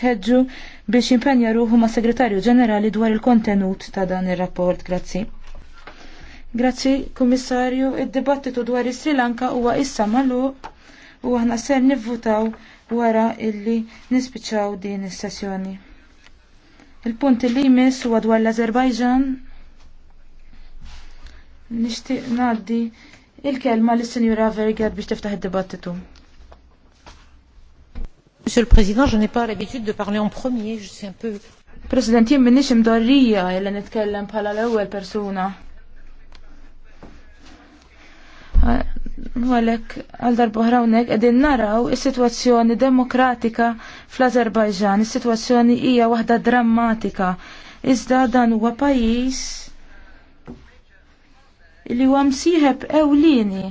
teġu biex impenja ruħu ma' segretarju ġenerali dwar il-kontenut ta' dan ir-rapport. Grazzi. Grazzi, Kummissarju, id-dibattitu dwar is-Sri Lanka huwa issa magħluq u aħna ser nivvutaw wara illi nispiċċaw din is-sessjoni. Il-punt li jmiss huwa dwar l-Azerbajġan nixtieq ngħaddi il-kelma lis-Sinjura Vergad biex tiftaħ id-dibattitu. Monsieur le Président, je n'ai pas l'habitude de parler en premier, je suis un peu... President, jien minnix imdorrija illa nitkellem bħala l-ewwel persuna. Għalek, għal darbohra unnek, edin naraw is-situazzjoni demokratika fl-Azerbajġan. Is-situazzjoni hija waħda drammatika. Iżda dan huwa pajjiż li huwa msieħeb ewlieni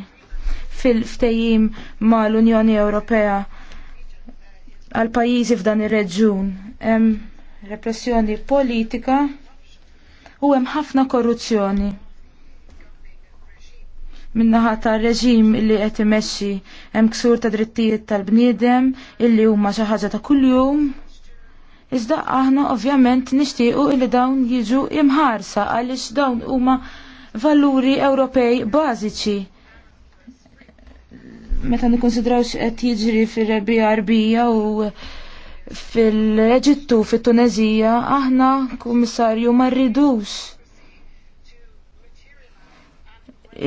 fil-ftejim mal-Unjoni Ewropea għal pajjiżi f'dan ir-reġjun. Hemm repressjoni politika u hemm ħafna korruzzjoni. Minnaħa tar reġim illi qed imexxi hemm ksur ta' drittijiet tal-bniedem illi huma xi ħaġa ta' kuljum. Iżda aħna ovvjament nixtiequ illi dawn jiġu imħarsa għaliex dawn huma valuri Ewropej bażiċi meta nikkonsidrawx qed jiġri fir-rebija arbija u fil-Eġittu, fit-Tunezija, aħna, kummissarju, ma rridux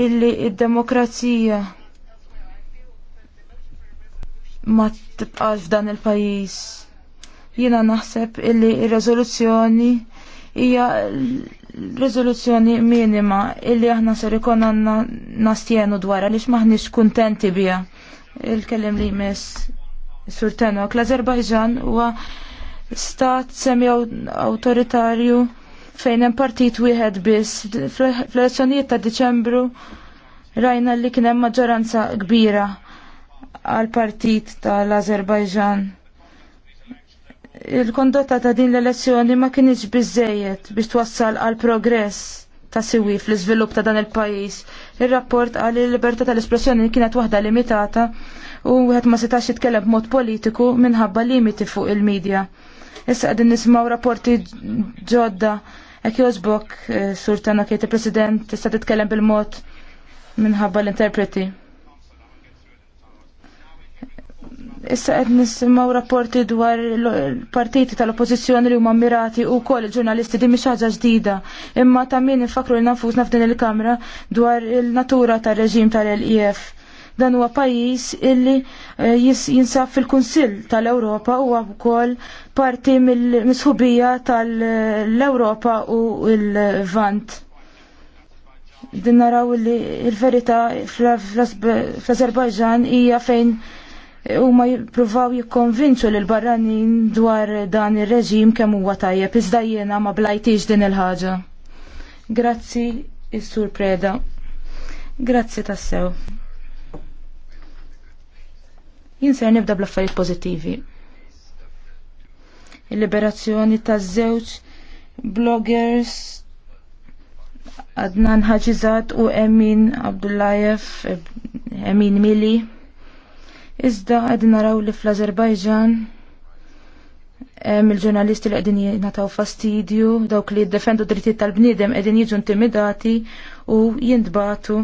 illi id-demokrazija ma tibqax f'dan il-pajis. Jiena naħseb illi ir-reżoluzzjoni il hija rezoluzzjoni minima illi aħna ser ikun għandna nastjenu dwar għaliex maħniex kuntenti biha. il kellim li jmiss Sur Tenok, l-Azerbajġan huwa stat semi awtoritarju fejn hemm partit wieħed biss. Fl-elezzjonijiet ta' Diċembru rajna li kien hemm maġġoranza kbira għal partit tal-Azerbajġan il-kondotta ta' din l-elezzjoni ma kienx biżejjed biex twassal għal progress ta' siwi fl-iżvilupp ta' dan il-pajjiż. Ir-rapport għal il-libertà tal-espressjoni kienet waħda limitata u wieħed ma setax jitkellem b'mod politiku minħabba limiti fuq il-medja. Issa qegħdin nismaw rapporti ġodda għek jozbok eh, surtana kiet il-President, tista' titkellem bil-mod minħabba l-interpreti. Issa qed nisimgħu rapporti dwar partiti tal-oppożizzjoni li huma mirati u wkoll il-ġurnalisti di xi ħaġa ġdida. Imma ta' min infakru li nafusna f'din il-kamra dwar il-natura tar-reġim tal-LIF. E Dan huwa pajjiż illi eh, jinsab fil-Kunsill tal-Ewropa huwa wkoll parti mill-misħubija tal-Ewropa u l-Vant din naraw li il-verità fl-Azerbajġan hija fejn u ma jippruvaw jikkonvinċu l barranin dwar dan ir-reġim kemm huwa tajjeb iżda jiena ma blajtix din il-ħaġa. Grazzi is-Sur Preda. Grazzi tassew. Jinser nibda bl-affarijiet pożittivi. Il-liberazzjoni taż-żewġ bloggers Adnan Ħaġizat u Emin Abdullajev, Emin Mili Iżda qegħdin naraw li fl-Azerbajġan il-ġurnalisti li qegħdin jingħataw fastidju, dawk li jiddefendu drittijiet tal-bniedem qegħdin jiġu intimidati u jintbatu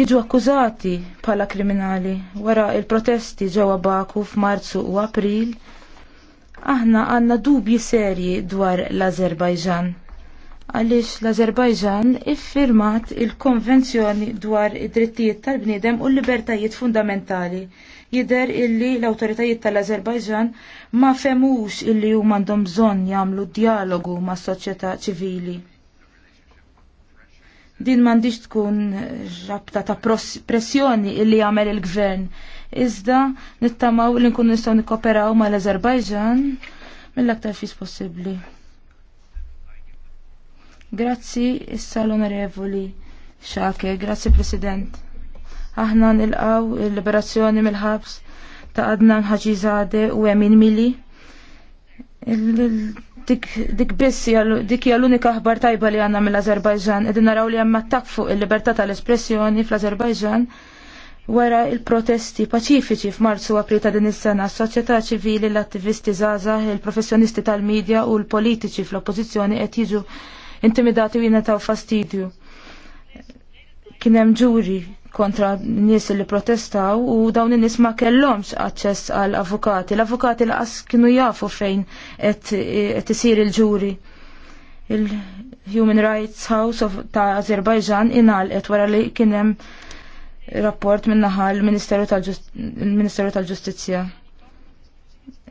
jiġu akkużati bħala kriminali wara il-protesti ġewwa Baku f'Marzu u April, aħna għandna dubji serji dwar l-Azerbajġan għaliex l-Azerbajġan iffirmat il-Konvenzjoni dwar id-drittijiet tal-bniedem u l-libertajiet fundamentali. Jider illi l-autoritajiet tal-Azerbajġan ma femux illi huma għandhom bżonn jagħmlu dialogu ma' soċjetà ċivili. Din m'għandix tkun rabta ta' pressjoni illi jagħmel il-gvern. Iżda nittamaw li nkunu nistgħu nikkoperaw mal-Azerbajġan mill-aktar fis possibbli. Grazzi issa l-onorevoli Xake, grazzi President. Aħna nilqaw il-liberazzjoni mill-ħabs ta' Adnan Ħaġizade u Emin Mili. Dik biss dik hija l-unika ħbar tajba li għandna mill-Azerbajġan. Qegħdin naraw li hemm attakk fuq il-libertà tal-espressjoni fl-Azerbajġan wara il-protesti paċifiċi f'Marzu April ta' din is-sena s-soċjetà ċivili l-attivisti żgħażagħ, il-professjonisti tal-medja u l-politiċi fl-oppożizzjoni qed jiġu intimidati u jenetaw fastidju. Kien hemm ġuri kontra nies li protestaw u dawn in-nies ma kellhomx aċċess għal avukati. L-avukati laqas kienu jafu fejn qed isir il-ġuri. Il-Human Rights House of ta' Azerbajġan inalqet wara li kien hemm rapport minnaħa l-Ministeru tal-Ġustizzja. tal ġustizja tal ġustizzja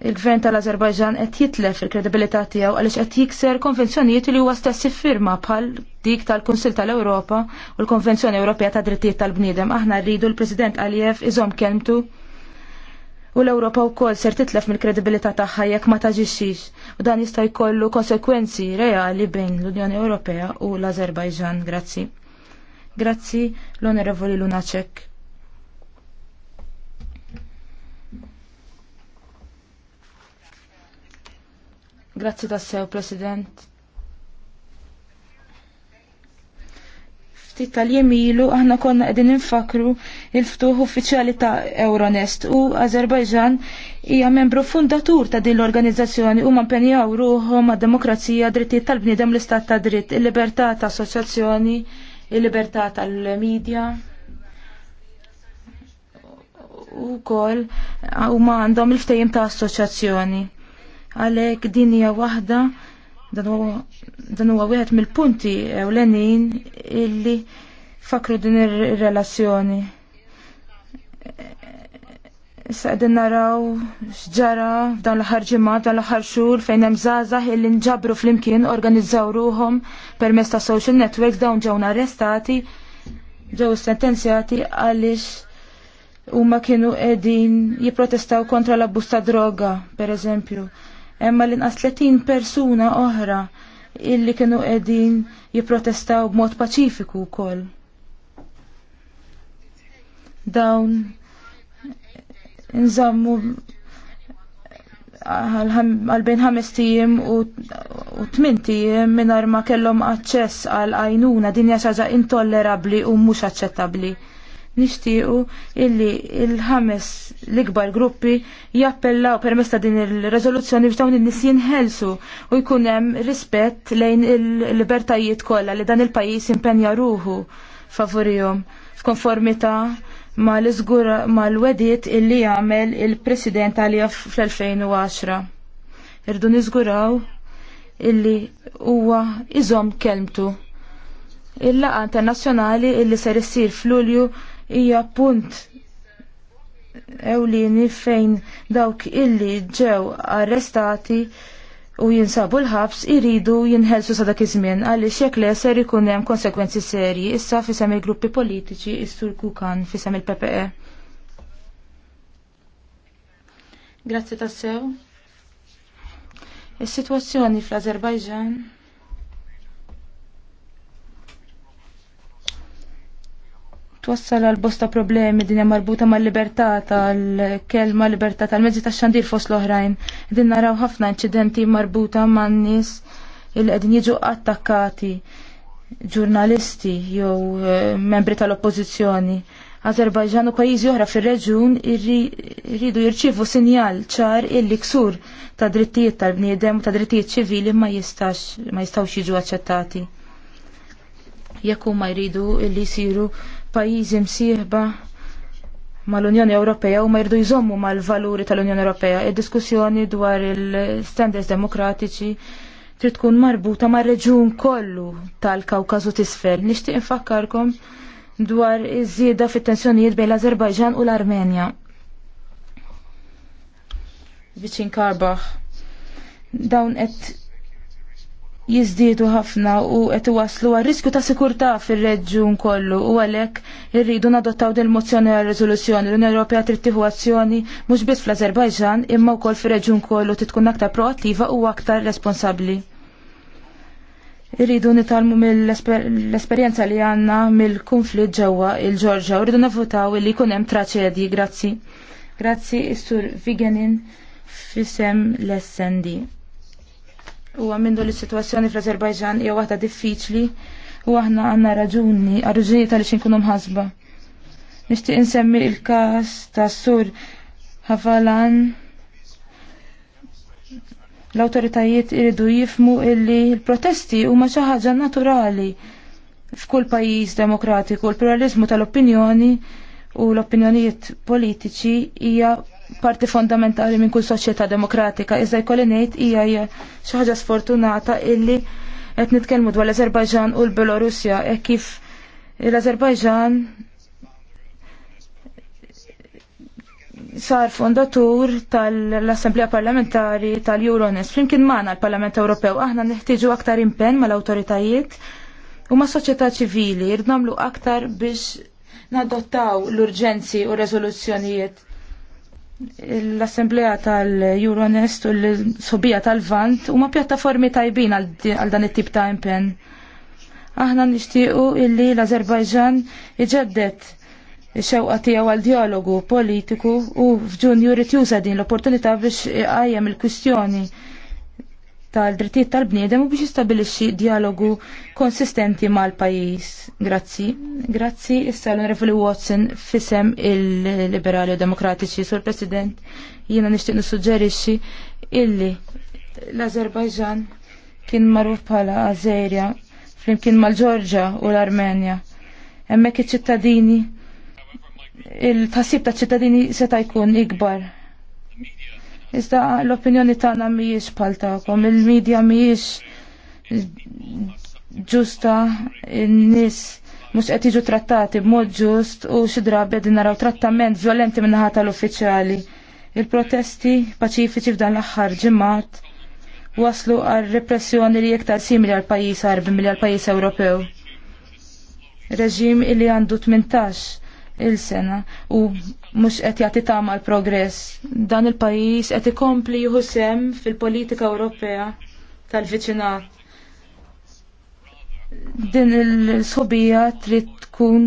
il-gvern tal-Azerbajġan qed jitlef il-kredibilità tiegħu għaliex qed jikser konvenzjonijiet li huwa stess iffirma bħal dik tal-Kunsil tal-Ewropa u l-Konvenzjoni Ewropea ta' Drittijiet tal-Bniedem. Aħna rridu l-President Aliyev iżom kelmtu u l-Ewropa wkoll ser titlef mill-kredibilità tagħha jekk ma taġixxix u dan jista' jkollu konsekwenzi reali bejn l-Unjoni Ewropea u l-Azerbajġan. Grazzi. Grazzi l-Onorevoli Lunacek. Grazzi tassew, President. ftit tal jemilu ilu aħna konna qegħdin infakru il-ftuħ uffiċjali ta' Euronest u Azerbajġan hija membru fundatur ta' din l-organizzazzjoni huma mpenjaw ruħhom għad-demokrazija, drittijiet tal-bniedem l-istat ta' dritt, il-libertà ta' assoċjazzjoni, il-libertà tal-medja. U kol ma' għandhom il-ftehim ta' assoċjazzjoni. Għalhekk din hija waħda dan huwa wieħed mill-punti ewlenin illi fakru din ir-relazzjoni. Issa qegħdin naraw x'ġara f'dan l-aħħar ġimgħa, dan l-aħħar xhur fejn hemm żgħażagħ illi nġabru flimkien organizzaw ruhom permezz ta' social networks dawn ġew arrestati ġew sentenzjati għaliex huma kienu qegħdin jipprotestaw kontra l-abbuż ta' droga, pereżempju. eżempju Emma l-inqas 30 persuna oħra illi kienu qegħdin jipprotestaw b'mod paċifiku wkoll. Dawn nżammu għal-bejn ħames tijiem u tmin tijiem minar ma kellhom aċċess għal għajnuna dinja xaġa intollerabli u mhux aċċettabbli nixtiequ illi il-ħames l-ikbar gruppi jappellaw permess ta' din il-rezoluzzjoni biex dawn in-nies jinħelsu u jkun hemm rispett lejn il-libertajiet kollha li dan il-pajjiż impenja ruħu favorihom f'konformità mal l mal ma wedit illi jagħmel il-President għalija fl-2010. Irdu niżguraw illi huwa iżom kelmtu. Il-laqa internazzjonali illi ser issir f'Lulju hija punt ewlieni fejn dawk illi ġew arrestati u jinsabu l-ħabs iridu jinħelsu sa dak iż-żmien għaliex jekk le ser ikun hemm konsekwenzi serji issa fisem il-gruppi politiċi issur kukan fisem il-PPE. Grazzi tassew. Is-sitwazzjoni fl-Azerbajġan twassal għal bosta problemi dinja marbuta mal libertà tal-kelma libertà tal-mezzi tax xandir fost l-oħrajn. Din naraw ħafna inċidenti marbuta man nies il qegħdin jiġu attakkati ġurnalisti jew eh, membri tal-oppożizzjoni. Azerbajġan u pajjiżi oħra fir-reġjun irridu jirċievu sinjal ċar illi ksur ta' drittijiet tal-bniedem u ta' drittijiet ċivili ma jistax ma jistgħux jiġu aċċettati. Jekk huma jridu illi jsiru pajjiżi msieħba mal-Unjoni Ewropea u ma jirdu jżommu mal-valuri tal-Unjoni Ewropea. Id-diskussjoni dwar il-standards demokratiċi trid tkun marbuta mar-reġjun kollu tal-Kawkażu tisfel. Nixtieq infakkarkom dwar iż-żieda fit-tensjonijiet bejn l-Azerbajġan u l-Armenja. Viċin Karbaħ. Dawn qed jizdietu ħafna u qed iwasslu għal riskju ta' sikurtà fir-reġjun kollu u għalhekk irridu nadottaw din mozzjoni għal riżoluzzjoni l-Unjoni Ewropea trid tieħu azzjoni mhux biss fl-Azerbajġan imma wkoll fir-reġjun kollu trid tkun aktar proattiva u aktar responsabbli. Irridu nitalmu mill-esperjenza li għandna mill-konflitt ġewwa il-Ġorġa u rridu navvutaw li jkun hemm traċedji, grazzi. Grazzi, is-sur Vigenin fisem l-SND. U għamendu li situazzjoni fl-Azerbajġan hija waħda diffiċli u aħna għanna raġuni, għarruġuni tal-li xinkunu mħasba. Nishtiq insemmi il-kas ta' sur Havalan. L-autoritajiet iridu jifmu illi l protesti huma xi ħaġa naturali f'kull pajjiż demokratiku. l pluralizmu tal-opinjoni u l-opinjonijiet politiċi hija parti fondamentali minn kull soċjetà demokratika. Iżda jkolli ngħid hija xi ħaġa sfortunata illi qed nitkellmu dwar l-Azerbajġan u l-Belorussja e kif l-Azerbajġan sar fondatur tal-Assemblea Parlamentari tal-Euronest. Flimkien maħna l-Parlament Ewropew aħna neħtieġu aktar impenn mal-awtoritajiet u ma' soċjetà ċivili, irnamlu aktar biex nadottaw l-urġenzi u r-rezoluzzjonijiet l-Assemblea tal-Euronest u l-Sobija tal-Vant huma pjattaformi tajbin għal dan it-tip ta' impen. Aħna nishtiqu illi l-Azerbajġan iġeddet xewqa tiegħu għal dialogu politiku u f'Ġunju rid juża din l-opportunità biex iqajjem il-kwistjoni tal-drittijiet tal-bniedem u biex jistabilixxi dialogu konsistenti mal-pajjiż. Grazzi. Grazzi issa l-Onorevoli Watson fisem il-Liberali u Demokratiċi sur President jiena nixtieq nissuġġerixxi illi l-Azerbajġan kien magħruf bħala Azerja flimkien mal-Ġorġa u l-Armenja. Hemmhekk iċ-ċittadini il-tħassib ta' ċittadini seta' jkun ikbar Iżda l-opinjoni tagħna mhijiex bħal tagħkom, il-medja mhijiex ġusta n-nies mhux qed jiġu trattati b'mod ġust u xi drabi qegħdin naraw trattament vjolenti min-naħa tal-uffiċjali. Il-protesti paċifiċi f'dan l-aħħar ġimgħat waslu għal repressjoni li jektar simili għal pajjiż Arbi mill għal pajjiż Ewropew. Reġim illi għandu 18 il-sena u mhux qed jagħti tama l-progress. Dan il-pajjiż qed ikompli juhu sem fil-politika Ewropea tal-viċinat. Din il-sħobija trid tkun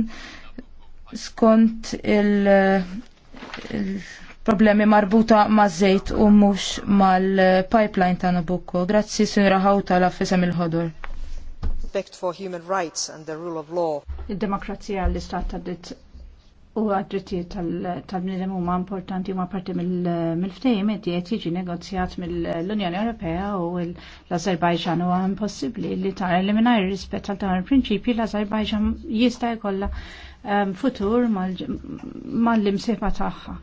skont il-problemi marbuta ma' zejt u mux mal-pipeline ta' Nabucco. Grazzi, Sinra Hawta, la' fisem il-ħodor. Respect for human rights and the rule of law. Il-demokrazija l-istat ta' ditt U għad-drittijiet tal-bnidem huma importanti huma parti mill-ftehim qed jiġi negozjat mill-Unjoni Ewropea u l-Azerbajġan huwa impossibbli li tara li mingħajr rispett għal dawn il-prinċipji l-Azerbajġan jista' jkollha ehm, futur mal-imsieħba tagħha.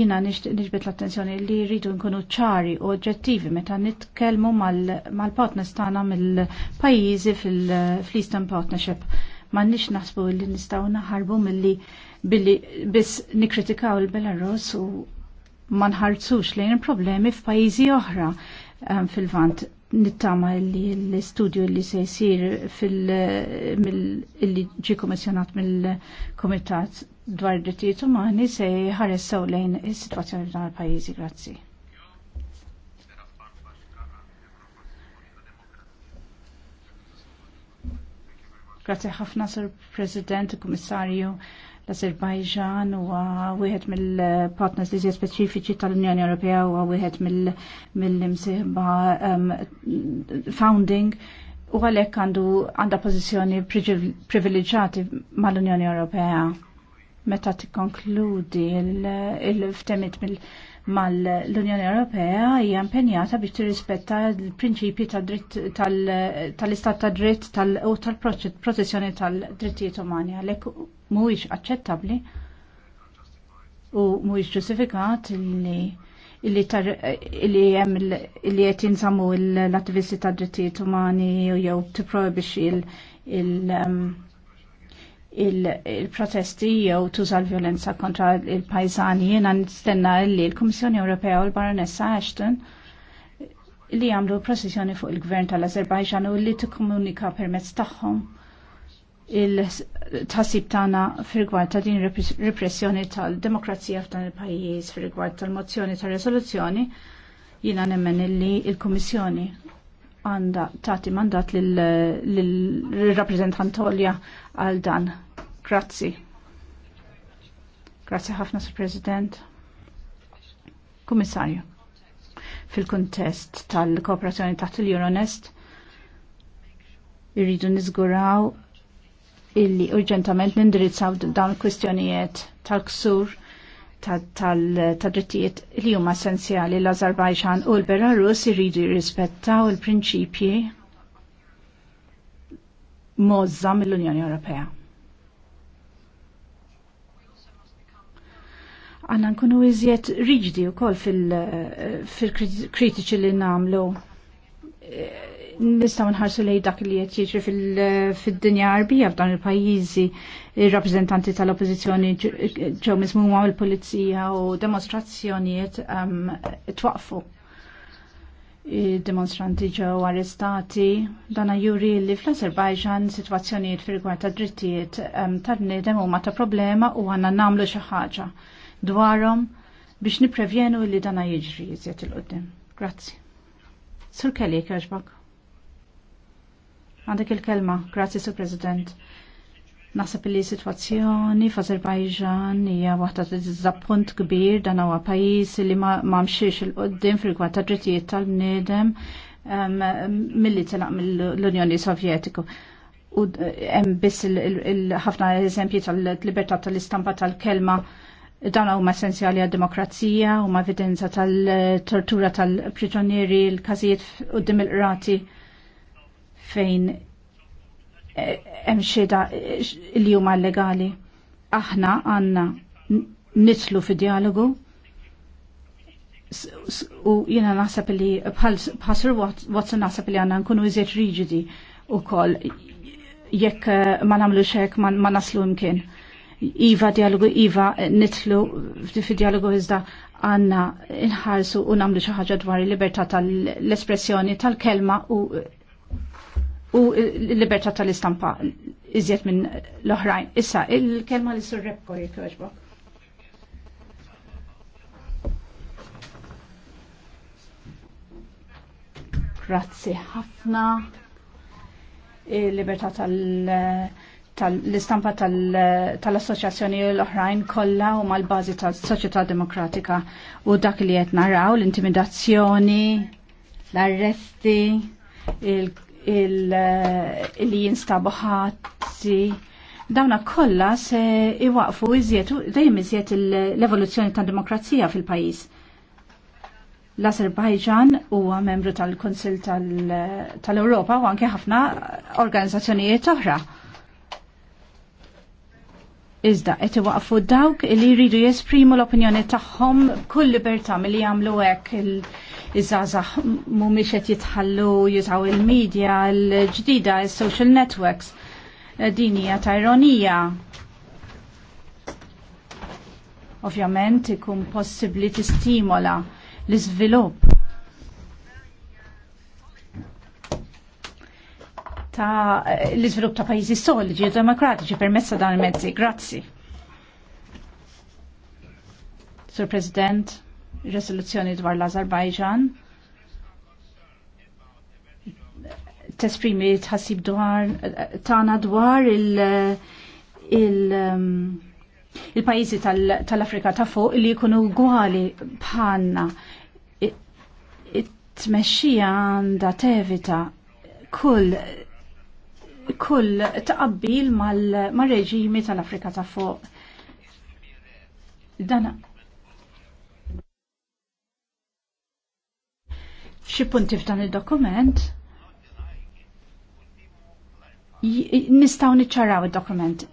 Jina nixbet l-attenzjoni li rridu nkunu ċari u oġġettivi meta nitkellmu mal-partners tagħna mill-pajjiżi fil-Eastern Partnership m'għandniex nasbu li nistgħu naħarbu milli billi bis nikkritikaw il-Belarus u ma nħarzux lejn il-problemi f'pajjiżi oħra ehm, fil-vant nittama li l-studio li se jisir fil-li ġi komissjonat mill-komitat dwar drittijiet umani se ħaressaw lejn is-situazzjoni f'dan il-pajjiżi. Grazzi. Grazie ħafna, Sir President, Kummissarju l-Azerbajġan u għawihet mill-partners li speċifiċi tal-Unjoni Ewropea u għawihet mill msiħba um, founding u għalek għandu għanda pozizjoni privileġġati mal-Unjoni Ewropea meta tikkonkludi il-ftemit mill- mal-Unjoni Ewropea hija impenjata biex tirrispetta l-prinċipji tal-istat ta' dritt tal- u tal-protezzjoni tal-drittijiet umani għalhekk mhuwiex aċċettabbli u mhuwiex ġustifikat li illi jem illi jett jinsamu l-attivisti tad drittijiet umani u jew tiprojbix il- um, il-protesti jew tuża l-violenza kontra il-pajzani jiena nistenna li l-Kummissjoni Ewropea u l-Baronessa Ashton li għamlu prosessjoni fuq il-gvern tal-Azerbajġan u li tikkomunika permezz tagħhom il-tasib tagħna fil-gwart ta' din repressjoni tal-demokrazija f'dan il pajjiż fil-gwart tal-mozzjoni tal resoluzzjoni jiena nemmen li l kummissjoni għandha tagħti mandat lill-rappreżentant Olja għal dan Grazzi. Grazzi ħafna, Sir President. Kummissarju, fil-kontest tal-kooperazzjoni taħt il-Euronest, irridu nizguraw illi urġentament nindirizzaw dawn il-kwistjonijiet tal-ksur tal-drittijiet li huma essenzjali l-Azerbajġan u l-Belarus irridu jirrispettaw il-prinċipji mozza mill-Unjoni Ewropea. Għanna nkunu iżjed riġdi u koll fil-kritiċi li namlu. Nistaw nħarsu lej dak li jett jieġri fil-dinja arbija f'dan il-pajizi il-rappresentanti tal-oppozizjoni ġew mizmuma il-polizija u demonstrazzjonijiet um, twaqfu demonstranti ġew arrestati. Dana juri li fl-Azerbajġan situazzjonijiet fil rigward drittijiet um, tal-nidem huma ta' problema u għanna namlu xi ħaġa dwarhom biex niprevjenu li dana jiġri jizjet il-qoddim. Grazzi. Sur Kelly, kħaxbak. Għandek il-kelma, grazzi Sur President. Nasab li situazzjoni f'Azerbajġan hija waħda t-dizappunt kbir dan huwa pajjiż li ma mxiex il-qoddim fil-gwad ta' drittijiet tal-bniedem milli telaq mill-Unjoni Sovjetiku u eh, hemm biss ħafna eżempji tal-libertà tal-istampa tal-kelma tal libertà tal istampa tal kelma Dan huma essenzjali għad demokrazija huma evidenza tal-tortura tal prigjonieri l-każijiet qudiem il-qrati fejn eh, hemm xhieda eh, li huma legali. Aħna għandna nitlu fi dialogu u jiena naħseb li bħasr Watson naħseb li għandna nkunu iżjed riġidi u koll jekk eh, ma nagħmlux hekk ma naslu imkien. Iva dialogu, Iva eh, nitlu fi dialogu iżda għanna inħarsu u namlu xaħġa dwar il-libertà tal-espressjoni tal-kelma u u l-libertà tal-istampa iżjed minn l-oħrajn. Issa, il-kelma li sur Repko li Grazzi ħafna. Il-libertà tal- tal-istampa tal-assoċjazzjoni l-oħrajn kollha u mal-bażi tas-soċjetà demokratika u dak li qed naraw l-intimidazzjoni, l-arresti, il-li jinstabu ħati. Dawna kollha se iwaqfu iżjed dejjem iżjed l-evoluzzjoni tad-demokrazija fil-pajjiż. L-Azerbajġan huwa membru tal-Konsil tal-Ewropa u anke ħafna organizzazzjonijiet oħra Iżda qed iwaqfu dawk li jridu jesprimu l-opinjoni tagħhom kull libertà milli jagħmlu hekk iż-żgħażagħ mhumiex qed jitħallu jużaw il-medja l-ġdida, is-social networks. Din hija ta' ironija. Ovvjament ikun possibbli tistimola l-iżvilupp ta' l izvilup ta' pajjiżi solidi u demokratiċi permessa dan il-mezzi. Grazzi. Sur President, resoluzzjoni dwar l-Azerbajġan tesprimi tħassib dwar tana dwar il il um, il-pajizi tal-Afrika ta' fuq li jkunu gwali bħanna it-tmexxija għandha tevita kull kull taqabbil mal-reġimi mal tal-Afrika ta' fuq. Dana. Xi punti f'dan il-dokument? Nistaw niċċaraw il-dokument.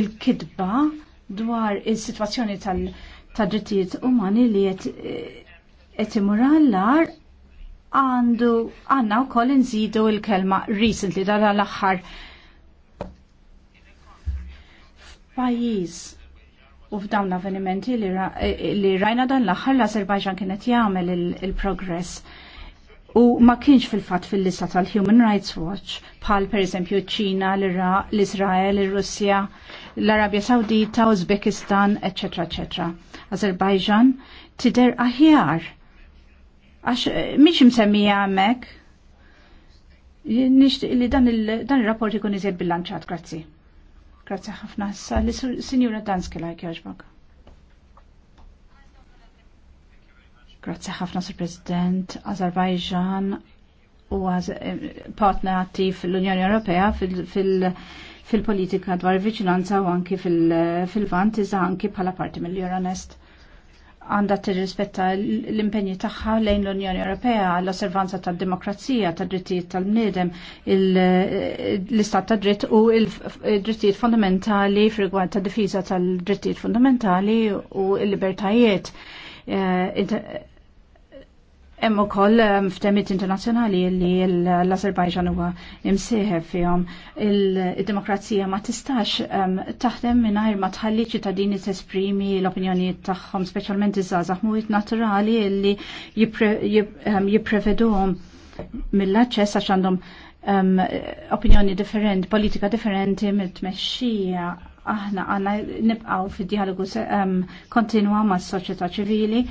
Il-kidba dwar il-situazzjoni tal-drittijiet umani li qed eh, imur għall-lar għandu għanna u koll nżidu il-kelma recently dal l aħħar f'pajjiż u f'dawn l-avvenimenti li, rajna dan l axar l-Azerbajġan kienet jagħmel il-progress u ma kienx fil-fatt fil-lista tal-Human Rights Watch bħal per eżempju ċina, l-Izrael, l russja l-Arabja Sawdita, Uzbekistan, eccetera, eccetera. Azerbajġan tider aħjar Għax eh, miex msemmija għamek, Nix li dan il-rapport ikun iżjed bil-lanċat, grazzi. Grazzi ħafna sa li sinjura Danski lajk jaġbak. Grazzi ħafna, Sir President, Azerbajġan u eh, partner attiv l-Unjoni Ewropea fil-politika dwar il-vicinanza u anki fil-vant iżda anki bħala parti mill-Euronest għandha tirrispetta l-impenji tagħha lejn l-Unjoni Ewropea għall-osservanza tad-demokrazija, tad-drittijiet tal-bniedem, l-istat tal dritt u l-drittijiet fundamentali frigwant ta' difiża tal-drittijiet fundamentali u l-libertajiet eh, Hemm ukoll ehm, f'temiet internazzjonali li l-Azerbajġan huwa imsieħeb fihom il-demokrazija ma tistax ehm, taħdem mingħajr ma tħalli ċittadini tesprimi l-opinjonijiet tagħhom speċjalment iż-żgħażagħ mhuwiet naturali li ehm, jippreveduhom mill-aċċess għax għandhom opinjoni differenti, politika differenti mit-tmexxija aħna għanna nibqaw fid dialogu kontinwa ma' soċjetà ċivili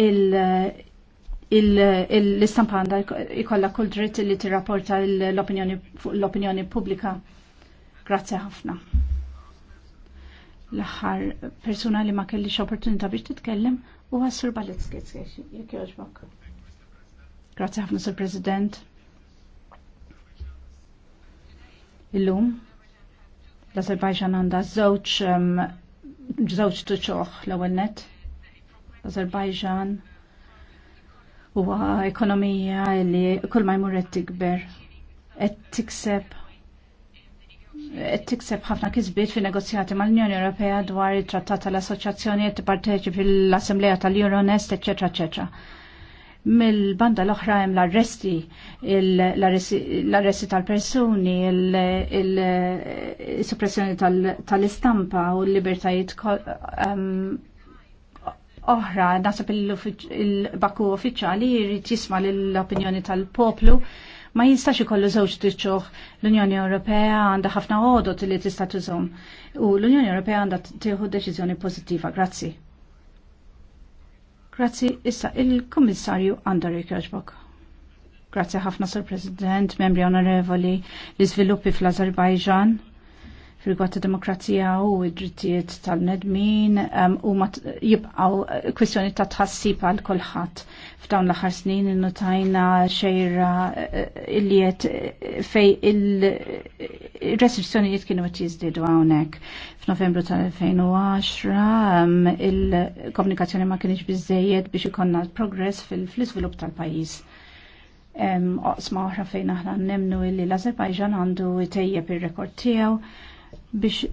l-istampa għanda ikolla kull dritt li tirrapporta l-opinjoni pubblika. Grazzi ħafna. L-aħħar persuna li ma kellix opportunità biex titkellem u għassur Balitzkitz jek joġbok. Grazzi ħafna, Sir President. Illum, l-Azerbajġan għanda żewġ um, żewġ tuċoħ l-ewwel net Azerbajġan huwa ekonomija li kull ma jmur qed tikber qed tikseb qed tikseb ħafna kisbiet fi negozjati mal-Unjoni Ewropea dwar it-Trattat tal-Assoċjazzjoni qed tipparteċi fil-Assembleja tal-Euronest, eċetera, eċetera. Mill-banda l-oħra hemm l-arresti, l-arresti tal-persuni, il-suppressjoni tal-istampa u l-libertajiet ehm, oħra, nasab il baku uffiċjali jrid jisma l-opinjoni tal-poplu ma jistax ikollu żewġ tiċċuħ l-Unjoni Ewropea għandha ħafna għodot li tista' tużhom u l-Unjoni Ewropea għandha tieħu deċiżjoni pożittiva. Grazzi. Grazzi, issa il-Kummissarju Andor Kirchbock. Grazzi ħafna, Sur President, membri onorevoli, l-iżviluppi fl-Azerbajġan fil-gwata demokrazija u id-drittijiet tal-nedmin um, u ma jibqaw uh, kwestjoni ta' tħassib għal kolħat f'dawn l-aħħar snin tajna xejra uh, illi qed uh, fej il-restrizzjonijiet kienu qed jiżdiedu hawnhekk. F'Novembru tal-2010 um, il-komunikazzjoni ma kienx bizzejiet biex ikonna progress fil-iżvilupp tal-pajjiż um, oqsma uħra fejna aħna nemnu illi l-Azerbajġan għandu tejjeb ir rekord tiegħu biex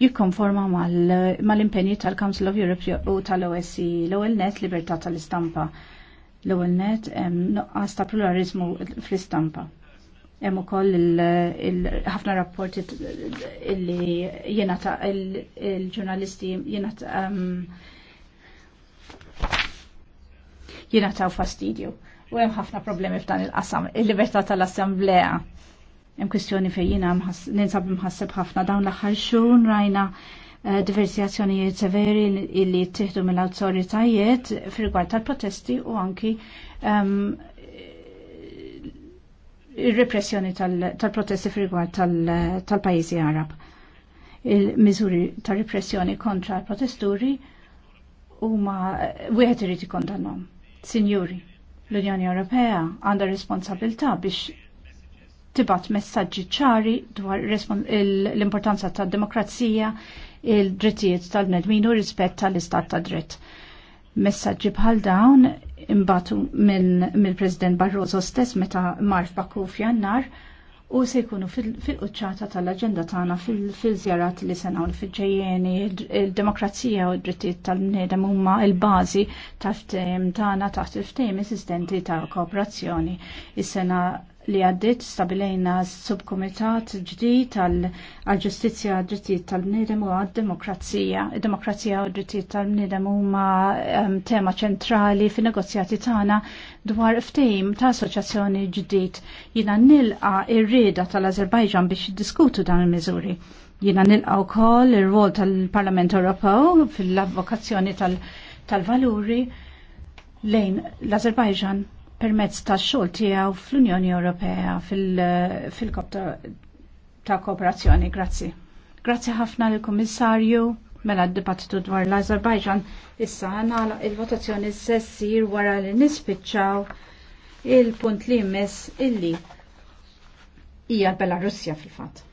jikkonforma mal-impenji mal tal-Council of Europe u tal osc l-ewwel net libertà tal-istampa, l-ewwel net nuqqas ta' pluralizmu fl-istampa. Hemm ukoll ħafna rapporti illi jiena ta' il-ġurnalisti jiena jiena ta' fastidju. U hemm ħafna problemi f'dan il-qasam, il-libertà tal-assemblea Hemm kwistjoni fejn ninsab imħasseb ħafna dawn l-aħħar xhur rajna eh, diversi azzjonijiet severi illi jittieħdu mill-awtoritajiet fir-rigward tal-protesti u anki um, ir-repressjoni tal-protesti fir-rigward tal-pajjiżi Arab. Il-miżuri tal-repressjoni kontra l-protesturi huma wieħed irid ikondannhom. Sinjuri, l-Unjoni Ewropea għandha responsabilità biex tibat messaġġi ċari dwar l-importanza tad demokrazija il-drittijiet tal-nedmin u rispett tal-istat ta' dritt. Messaġġi bħal dawn imbatu mill-President Barroso stess meta marf Baku f'jannar u se jkunu fil-qċata tal-agenda tagħna fil-żjarat li se nagħmlu fil-ġejjeni il-demokrazija u d-drittijiet tal-bniedem huma l-bażi ta' ftehim tagħna taħt il-ftehim esistenti ta' kooperazzjoni. Is-sena li għaddit stabilejna subkomitat ġdid tal ġustizja għal drittijiet tal-bnidem u għad demokrazija. Demokrazija u drittijiet tal-bnidem huma tema ċentrali fin negozjati tagħna dwar ftehim ta' assoċjazzjoni ġdid. Jina nilqa ir-rieda tal-Azerbajġan biex jiddiskutu dan il-miżuri. Jina nilqa wkoll ir-rol tal-Parlament Ewropew fil-avvokazzjoni tal-valuri tal valuri lejn l-Azerbajġan permezz ta' xogħol tiegħu fl-Unjoni Ewropea fil-kopta ta' kooperazzjoni. Grazzi. Grazzi ħafna l kummissarju mela d-dibattitu dwar l-Azerbajġan issa għana il-votazzjoni s-sessir wara li nispiċċaw il-punt li jmiss illi hija l-Belarusja fil-fatt.